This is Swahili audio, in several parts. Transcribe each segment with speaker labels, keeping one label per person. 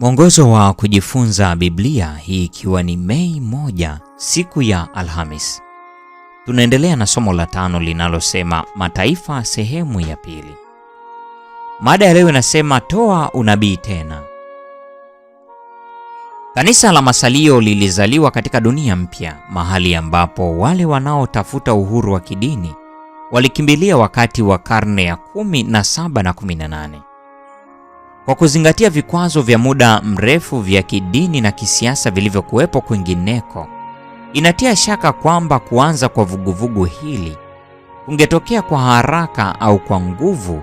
Speaker 1: Mwongozo wa kujifunza Biblia, hii ikiwa ni Mei moja, siku ya Alhamis. Tunaendelea na somo la tano linalosema mataifa, sehemu ya pili. Mada ya leo inasema toa unabii tena. Kanisa la Masalio lilizaliwa katika dunia mpya, mahali ambapo wale wanaotafuta uhuru wa kidini walikimbilia wakati wa karne ya kumi na saba na kumi na nane. Kwa kuzingatia vikwazo vya muda mrefu vya kidini na kisiasa vilivyokuwepo kwingineko, inatia shaka kwamba kuanza kwa vuguvugu hili kungetokea kwa haraka au kwa nguvu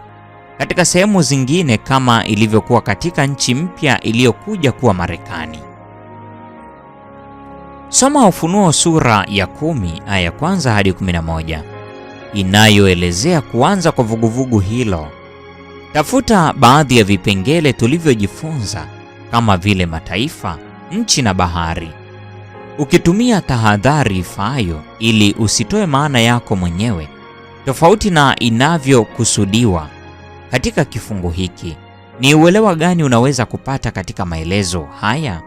Speaker 1: katika sehemu zingine kama ilivyokuwa katika nchi mpya iliyokuja kuwa Marekani. Soma Ufunuo sura ya kumi aya ya kwanza hadi 11 inayoelezea kuanza kwa vuguvugu hilo Tafuta baadhi ya vipengele tulivyojifunza kama vile mataifa, nchi na bahari, ukitumia tahadhari ifaayo ili usitoe maana yako mwenyewe tofauti na inavyokusudiwa katika kifungu hiki. Ni uelewa gani unaweza kupata katika maelezo haya?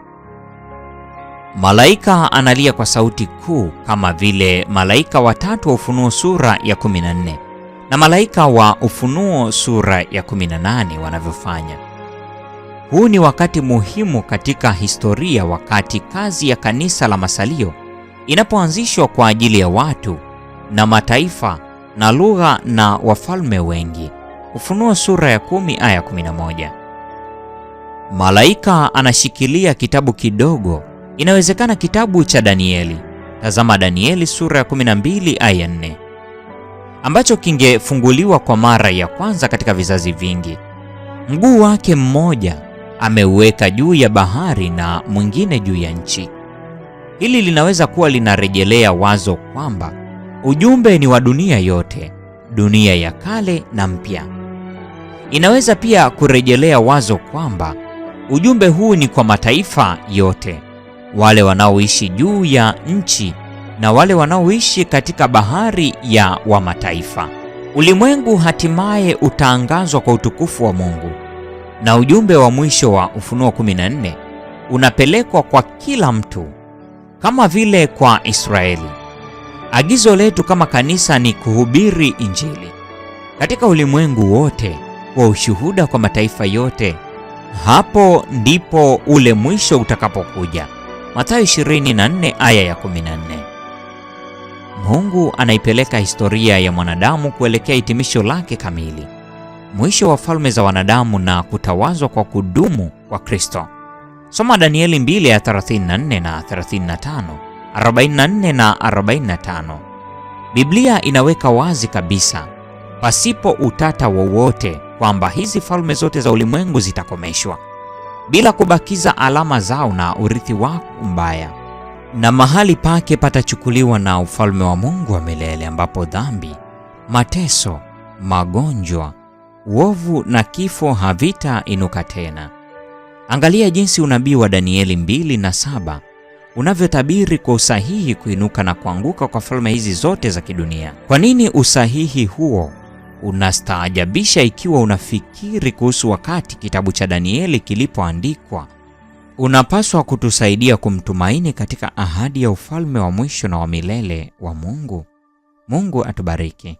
Speaker 1: Malaika analia kwa sauti kuu, kama vile malaika watatu wa Ufunuo sura ya 14 na malaika wa Ufunuo sura ya 18 wanavyofanya. Huu ni wakati muhimu katika historia, wakati kazi ya kanisa la masalio inapoanzishwa kwa ajili ya watu na mataifa na lugha na wafalme wengi. Ufunuo sura ya 10 aya 11. Malaika anashikilia kitabu kidogo, inawezekana kitabu cha Danieli. Tazama Danieli sura ya 12 aya 4 ambacho kingefunguliwa kwa mara ya kwanza katika vizazi vingi. Mguu wake mmoja ameuweka juu ya bahari na mwingine juu ya nchi. Hili linaweza kuwa linarejelea wazo kwamba ujumbe ni wa dunia yote, dunia ya kale na mpya. Inaweza pia kurejelea wazo kwamba ujumbe huu ni kwa mataifa yote, wale wanaoishi juu ya nchi na wale wanaoishi katika bahari ya wa mataifa. Ulimwengu hatimaye utaangazwa kwa utukufu wa Mungu, na ujumbe wa mwisho wa Ufunuo 14 unapelekwa kwa kila mtu kama vile kwa Israeli. Agizo letu kama kanisa ni kuhubiri Injili katika ulimwengu wote kwa ushuhuda kwa mataifa yote. Hapo ndipo ule mwisho utakapokuja. Mathayo 24 aya ya 14. Mungu anaipeleka historia ya mwanadamu kuelekea hitimisho lake kamili, mwisho wa falme za wanadamu na kutawazwa kwa kudumu kwa Kristo. Soma Danieli 2 ya 34 na 35, 44 na 45. Biblia inaweka wazi kabisa pasipo utata wowote kwamba hizi falme zote za ulimwengu zitakomeshwa bila kubakiza alama zao na urithi wao mbaya na mahali pake patachukuliwa na ufalme wa Mungu wa milele, ambapo dhambi, mateso, magonjwa, uovu na kifo havitainuka tena. Angalia jinsi unabii wa Danieli mbili na saba unavyotabiri kwa usahihi kuinuka na kuanguka kwa falme hizi zote za kidunia. Kwa nini usahihi huo unastaajabisha ikiwa unafikiri kuhusu wakati kitabu cha Danieli kilipoandikwa unapaswa kutusaidia kumtumaini katika ahadi ya ufalme wa mwisho na wa milele wa Mungu. Mungu atubariki.